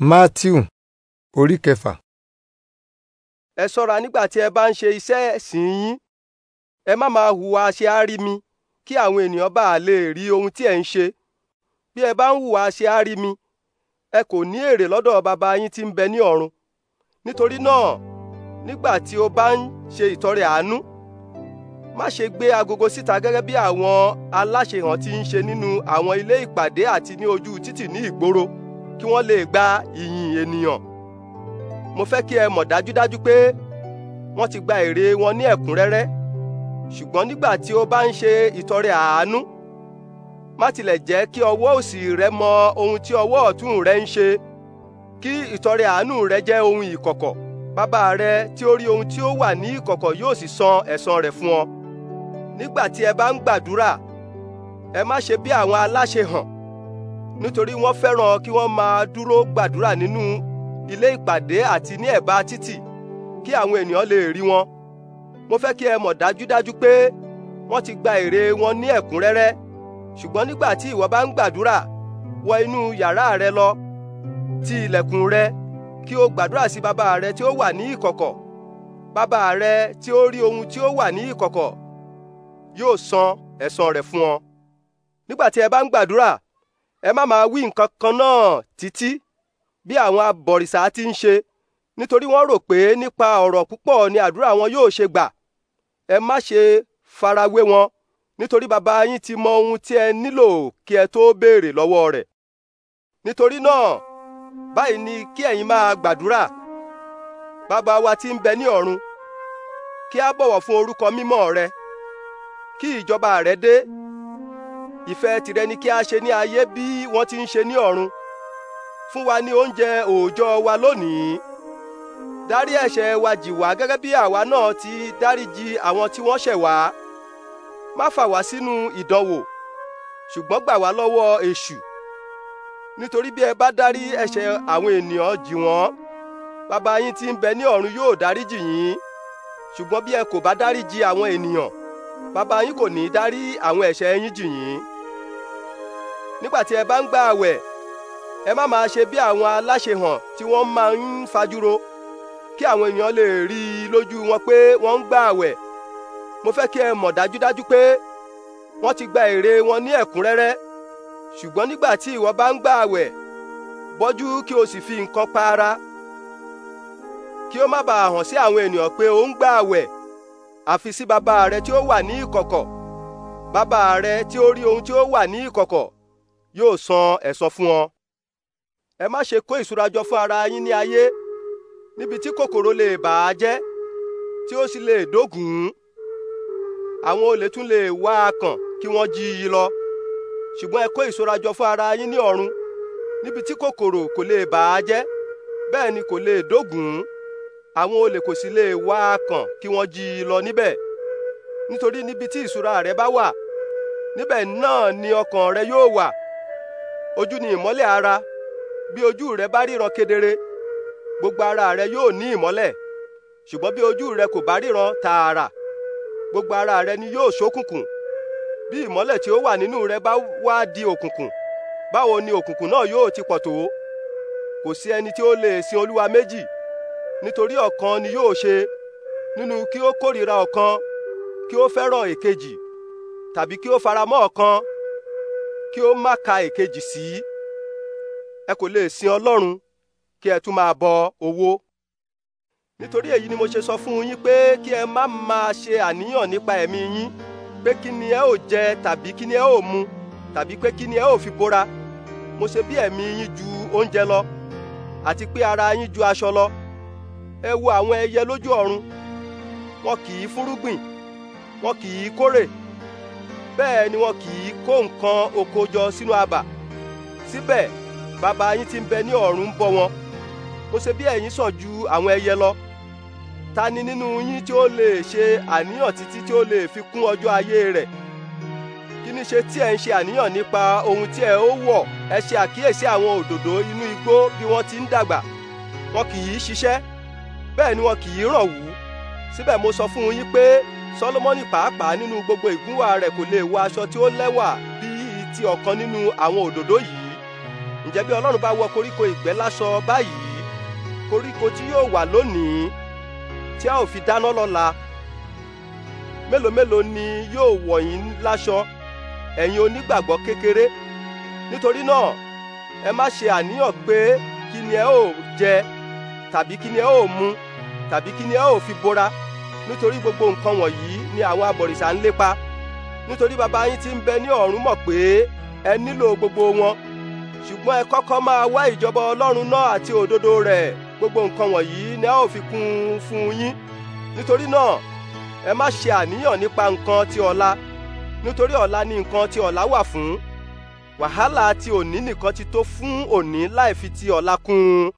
matthew orí kẹfà. ẹ ṣọ́ra nígbà tí ẹ bá ń ṣe iṣẹ́ ẹ̀sìn yín ẹ má máa hùwà ṣe àrími kí àwọn ènìyàn bá lè rí ohun tí ẹ ń ṣe bí ẹ bá ń hùwà ṣe àrími ẹ kò ní èrè lọ́dọ̀ bàbá yín tí ń bẹ ní ọ̀run nítorí náà nígbà tí o bá ń ṣe ìtọrẹ àánú má ṣe gbé agogo síta gẹ́gẹ́ bí àwọn aláṣehàn ti ń ṣe nínú àwọn ilé ìpàdé àti ní ojú títì ní ìgboro kí wọ́n lè gba ìyìn ènìyàn mo fẹ́ kí ẹ mọ̀ dájúdájú pé wọ́n ti gba èrè wọn ní ẹ̀kúnrẹ́rẹ́ ṣùgbọ́n nígbà tí o bá ń ṣe ìtọrẹ àánú má tilẹ̀ jẹ́ kí ọwọ́ òsì rẹ mọ ohun tí ọwọ́ ọ̀tún rẹ ń ṣe kí ìtọrẹ àánú rẹ jẹ́ ohun ìkọ̀kọ̀ bàbá rẹ tí ó rí ohun tí ó wà ní ìkọ̀kọ̀ yóò sì san ẹ̀san rẹ̀ fún ọ nígbà tí ẹ bá ń gbàdúrà ẹ má ṣe bí àwọn aláṣẹ hàn nítorí wọ́n fẹ́ràn kí wọ́n máa dúró gbàdúrà nínú ilé ìpàdé àti ní ẹ̀bá títì kí àwọn ènìyàn lè rí wọn. mo fẹ́ kí ẹ mọ̀ dájúdájú pé wọ́n ti gba èrè wọn ní ẹ̀kúnrẹ́rẹ́ ṣùgbọ́n nígbà tí ìwọ bá ń gbàdúrà wọ inú yàrá rẹ lọ ti ilẹ̀kùn rẹ kí o gbàdúrà sí bàbá rẹ tí ó wà ní ìkọ̀kọ̀ bàbá rẹ tí ó rí ohun tí ó wà ní ìkọ̀kọ̀ yóò san ẹ̀san rẹ̀ fún ọ nígbà tí ẹ bá ń gbàdúrà ẹ má máa wí nǹkan kan náà títí bí àwọn abọ̀rìṣà ti ń ṣe nítorí wọ́n rò pé nípa ọ̀rọ̀ púpọ̀ ni àdúrà wọn yóò ṣe gbà ẹ má ṣe farawé wọn nítorí bàbá yín ti mọ ohun tí ẹ nílò kí ẹ tó béèrè lọ́wọ́ rẹ̀ nítorí náà báyìí ni kí ẹ̀yin máa gbàdúrà bàbá wa ti ń bẹ ní ọ̀run kí a bọ̀wọ̀ fún orúkọ mímọ́ rẹ kí ìjọba rẹ dé ìfẹ́ tìrẹ ni kí a ṣe ní ayé bí wọ́n ti ń ṣe ní ọ̀run fún wa ní oúnjẹ òòjọ́ wa lónìí dárí ẹ̀ṣẹ̀ wa jì wá gẹ́gẹ́ bí àwa náà ti dáríjì àwọn tí wọ́n ṣẹ̀ wá má fà wá sínú ìdánwò ṣùgbọ́n gbà wá lọ́wọ́ èṣù nítorí bí ẹ bá dárí ẹ̀ṣẹ̀ àwọn ènìyàn jì wọ́n bàbá yín tí ń bẹ ní ọ̀run yóò dáríjì yín ṣùgbọ́n bí ẹ kò bá dáríjì àwọn ènìyàn bàbá yín kò ní dárí àwọn ẹ̀ṣẹ̀ yín jì yín nígbà tí ẹ bá ń gba àwẹ̀ ẹ má máa ṣe bí àwọn aláṣehàn tí wọ́n máa ń fajúro kí àwọn èèyàn lè rí i lójú wọn pé wọ́n ń gba àwẹ̀ mo fẹ́ kí ẹ mọ̀ dájúdájú pé wọ́n ti gba èrè wọn ní ẹ̀kúnrẹ́rẹ́ ṣùgbọ́n nígbà tí ìwọ bá ń gba àwẹ̀ bọ́jú kí o sì fi nǹkan pa ara kí o má bàa hàn sí àwọn ènìyàn pé o ń gba àwẹ̀ àfi sí bàbá rẹ tí ó wà ní ìkọ̀kọ̀ bàbá rẹ tí ó rí ohun tí ó wà ní ìkọ̀kọ̀ yóò san ẹ̀san fún ọ. ẹ má ṣe kó ìṣúra jọ fún ara yín ní ayé níbi tí kòkòrò lè bà á jẹ́ tí ó sì lè dógùn-ún. àwọn olè tún lè wá a kàn kí wọ́n jí i lọ ṣùgbọ́n ẹ kó ìṣúra jọ fún ara yín ní ọ̀run níbi tí kòkòrò kò lè bà á jẹ́ bẹ́ẹ̀ ni kò lè dógùn-ún àwọn olè kò sì lè wá a kàn kí wọ́n jí i lọ níbẹ̀ nítorí níbi tí ìṣúra rẹ bá wà níbẹ̀ náà ni ọkàn rẹ yóò wà ojú ni ìmọ́lẹ̀ ara bí ojú rẹ bá ríran kedere gbogbo ara rẹ yóò ní ìmọ́lẹ̀ ṣùgbọ́n bí ojú rẹ kò bá ríran tààrà gbogbo ara rẹ ni yóò ṣókùnkùn bí ìmọ́lẹ̀ tí ó wà nínú rẹ bá wá di òkùnkùn báwo ni òkùnkùn náà yóò ti pọ̀ tó kò sí ẹni tí ó lè sin olúwa méjì nítorí ọ̀kan ni yóò ṣe nínú kí ó kórìíra ọ̀kan kí ó fẹ́ràn èkejì tàbí kí ó faramọ́ ọ̀kan kí ó má ka èkejì sí i ẹ kò lè sin ọlọ́run kí ẹ tún máa bọ owó. nítorí èyí ni mo ṣe sọ fún yín pé kí ẹ má máa ṣe àníyàn nípa ẹ̀mí yín pé kí ni ẹ ò jẹ tàbí kí ni ẹ ò mu tàbí pé kí ni ẹ ò fi bora. mo ṣe bí ẹ̀mí yín ju oúnjẹ lọ àti pé ara yín ju aṣọ lọ ẹ wo àwọn ẹyẹ lójú ọ̀run wọn kì í fúrúgbìn wọn kì í kórè bẹ́ẹ̀ ni wọn kì í kó nǹkan oko jọ sínú abà síbẹ̀ bàbá yín tí ń bẹ ní ọ̀run ń bọ́ wọn kò ṣe bí ẹ̀yin sàn ju àwọn ẹyẹ lọ ta ni nínú yín tí ó lè ṣe àníyàn títí tí ó lè fi kún ọjọ́ ayé rẹ̀ kí ni ṣe tí ẹ ń ṣe àníyàn nípa ohun tí ẹ ó wọ̀ ẹ ṣe àkíyèsí àwọn òdòdó inú igbó bí wọ́n ti ń dàgbà wọn kì í ṣiṣẹ́ bẹ́ẹ̀ ni wọn kì í rọ̀wú síbẹ̀ mo sọ fún yín pé Sólómọ́nì pàápàá nínú gbogbo ìgúnwà rẹ̀ kò lè wọ aṣọ tí ó lẹ́wà bíi ti ọ̀kan nínú àwọn òdòdó yìí ǹjẹ́ bí Ọlọ́run bá wọ koríko ìgbẹ́ láṣọ báyìí koríko tí yóò wà lónìí tí a ò fi dáná lọ́la mélòó mélòó ni yóò wọ̀ yín láṣọ ẹ̀yin onígbàgbọ́ kékeré nítorí náà ẹ má ṣe àníyàn pé kí ni ẹ ó jẹ tàbí kí ni ẹ ó mu tàbí kí ni ẹ ó fi bora nítorí gbogbo nǹkan wọ̀nyí ni àwọn abọ̀rìṣà ń lépa nítorí bàbá yín tí ń bẹ ní ọ̀run mọ̀ pé ẹ nílò gbogbo wọn ṣùgbọ́n ẹ kọ́kọ́ máa wá ìjọba ọlọ́run náà àti òdodo rẹ̀ gbogbo nǹkan wọ̀nyí ni a ó fi kún un fún yín nítorí náà ẹ má ṣe àníyàn nípa nǹkan ti ọ̀la nítorí ọ̀la ni nǹkan ti ọ̀la wà fún wàhálà ti òní nìkan ti tó fún òní láì fi ti ọ̀la kún un